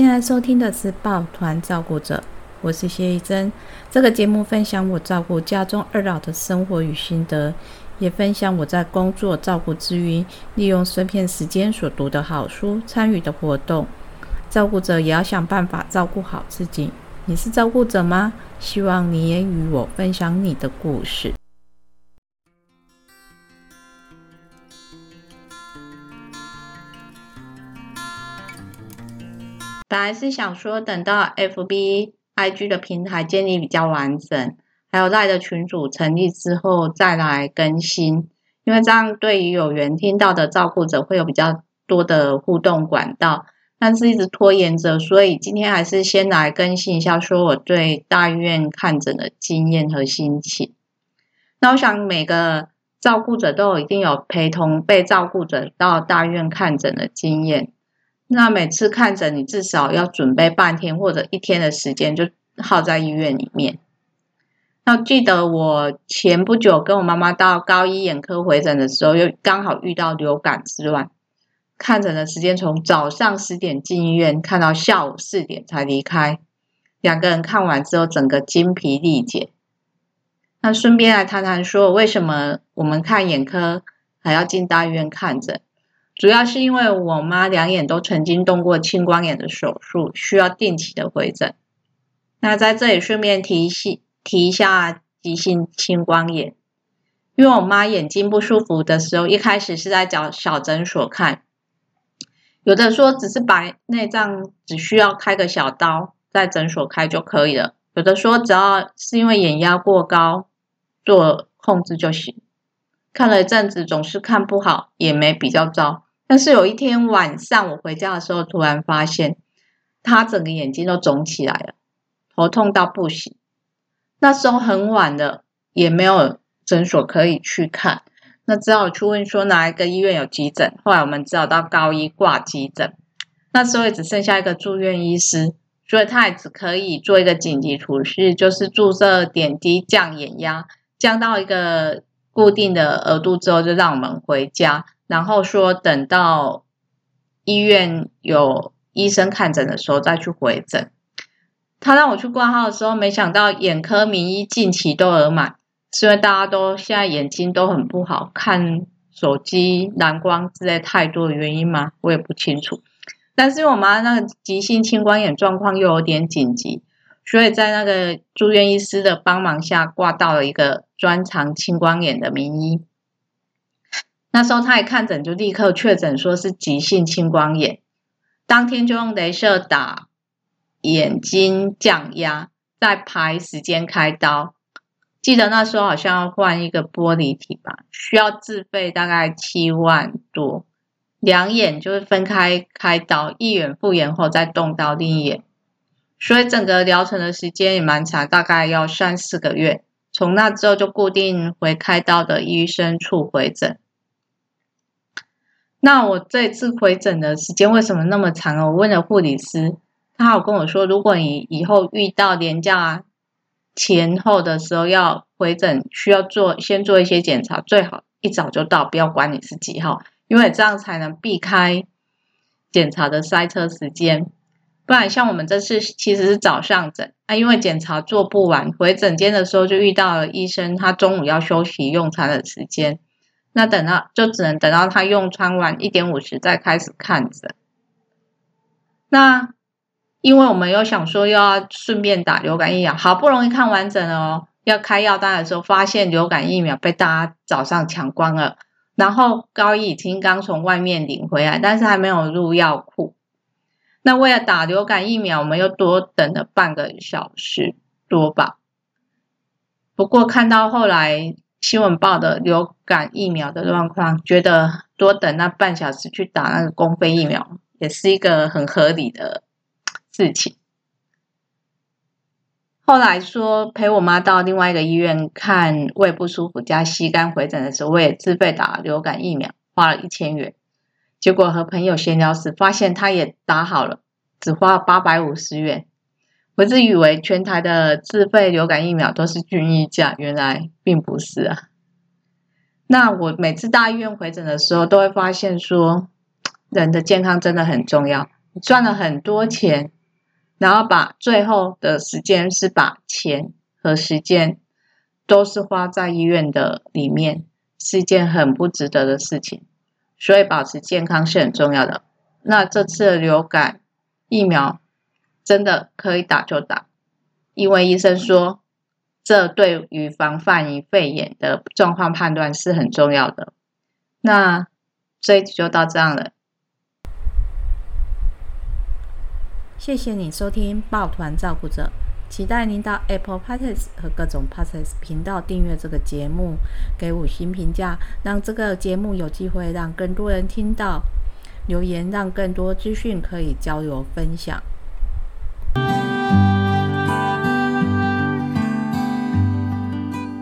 現在收聽的是《抱團照顧者》，我是謝一珍。這個節目分享我照顧家中二老的生活與心得，也分享我在工作照顧之餘，利用碎片時間所讀的好書、參與的活動。照顧者也要想辦法照顧好自己。你是照顧者嗎？希望你也與我分享你的故事。本來是想說，等到 FB、IG 的平台建立比較完整，還有賴的群組成立之後，再來更新，因為這樣對於有緣聽到的照顧者會有比較多的互動管道。但是一直拖延着，所以今天還是先來更新一下，說我對大醫院看診的經驗和心情。那我想每個照顧者都有一定有陪同被照顧者到大醫院看診的經驗。那每次看診，你至少要準備半天或者一天的時間，就耗在醫院裡面。那記得我前不久跟我媽媽到高一眼科回診的時候，又剛好遇到流感之亂，看診的時間從早上十點進醫院，看到下午四點才離開，兩個人看完之後，整個精疲力竭。那順便來談談說，為什麼我們看眼科還要進大醫院看診？主要是因為我媽兩眼都曾經動過青光眼的手術，需要定期的回診。那在這裡順便提提一下急性青光眼，因為我媽眼睛不舒服的時候，一開始是在找小診所看，有的說只是白內障，只需要開個小刀在診所開就可以了；有的說只要是因為眼壓過高，做控制就行。看了一陣子，總是看不好，也沒比較糟。但是有一天晚上，我回家的時候，突然發現他整個眼睛都腫起來了，頭痛到不行。那時候很晚了，也沒有診所可以去看，那只好去問說哪一個醫院有急診。後來我們只好到高醫掛急診。那時候也只剩下一個住院醫師，所以他也只可以做一個緊急處置，就是注射點滴降眼壓，降到一個固定的額度之後，就讓我們回家。然後說等到醫院有醫生看診的時候再去回診。他讓我去掛號的時候，沒想到眼科名醫近期都額滿，是因為大家都現在眼睛都很不好，看手機藍光之類太多的原因嘛，我也不清楚。但是我媽那個急性青光眼狀況又有點緊急，所以在那個住院醫師的幫忙下，掛到了一個專長青光眼的名醫。那時候他一看診就立刻確診說是急性青光眼，當天就用雷射打眼睛降壓，再排時間開刀。記得那時候好像要換一個玻璃體吧，需要自費大概七萬多，兩眼就是分開開刀，一眼復原後再動刀另一眼，所以整個療程的時間也蠻長，大概要三四個月。從那之後就固定回開刀的醫生處回診。那我這次回診的時間為什麼那麼長呢？我問了護理師，他有跟我說，如果你以後遇到連假前後的時候要回診，需要做先做一些檢查，最好一早就到，不要管你是幾號，因為這樣才能避開檢查的塞車時間。不然像我們這次其實是早上診，啊因為檢查做不完，回診間的時候就遇到了醫生，他中午要休息用餐的時間。那等到，就只能等到他用餐完一點五十再開始看診。那因為我們又想說要順便打流感疫苗，好不容易看完整了哦，要開藥單的時候，發現流感疫苗被大家早上搶光了。然後高一已經剛從外面領回來，但是還沒有入藥庫。那為了打流感疫苗，我們又多等了半個小時多吧。不過看到後來。新聞報的流感疫苗的狀況，覺得多等那半小時去打那個公費疫苗，也是一個很合理的事情。後來說陪我媽到另外一個醫院看胃不舒服加 C 肝回診的時候，我也自費打流感疫苗，花了一千元。結果和朋友閒聊時發現，他也打好了，只花八百五十元。我自以為全台的自費流感疫苗都是均一價，原來並不是啊。那我每次大醫院回診的時候，都會發現說，人的健康真的很重要。你賺了很多錢，然後把最後的時間是把錢和時間都是花在醫院的裡面，是一件很不值得的事情。所以保持健康是很重要的。那這次的流感疫苗，真的可以打就打，因為醫生說這對於防範與肺炎的狀況判斷是很重要的。那這一集就到這樣了。謝謝你收聽《抱團照顧者》，期待您到 Apple Podcast 和各種 Podcast 頻道訂閱這個節目，給五星評價，讓這個節目有機會讓更多人聽到；留言，讓更多資訊可以交流分享。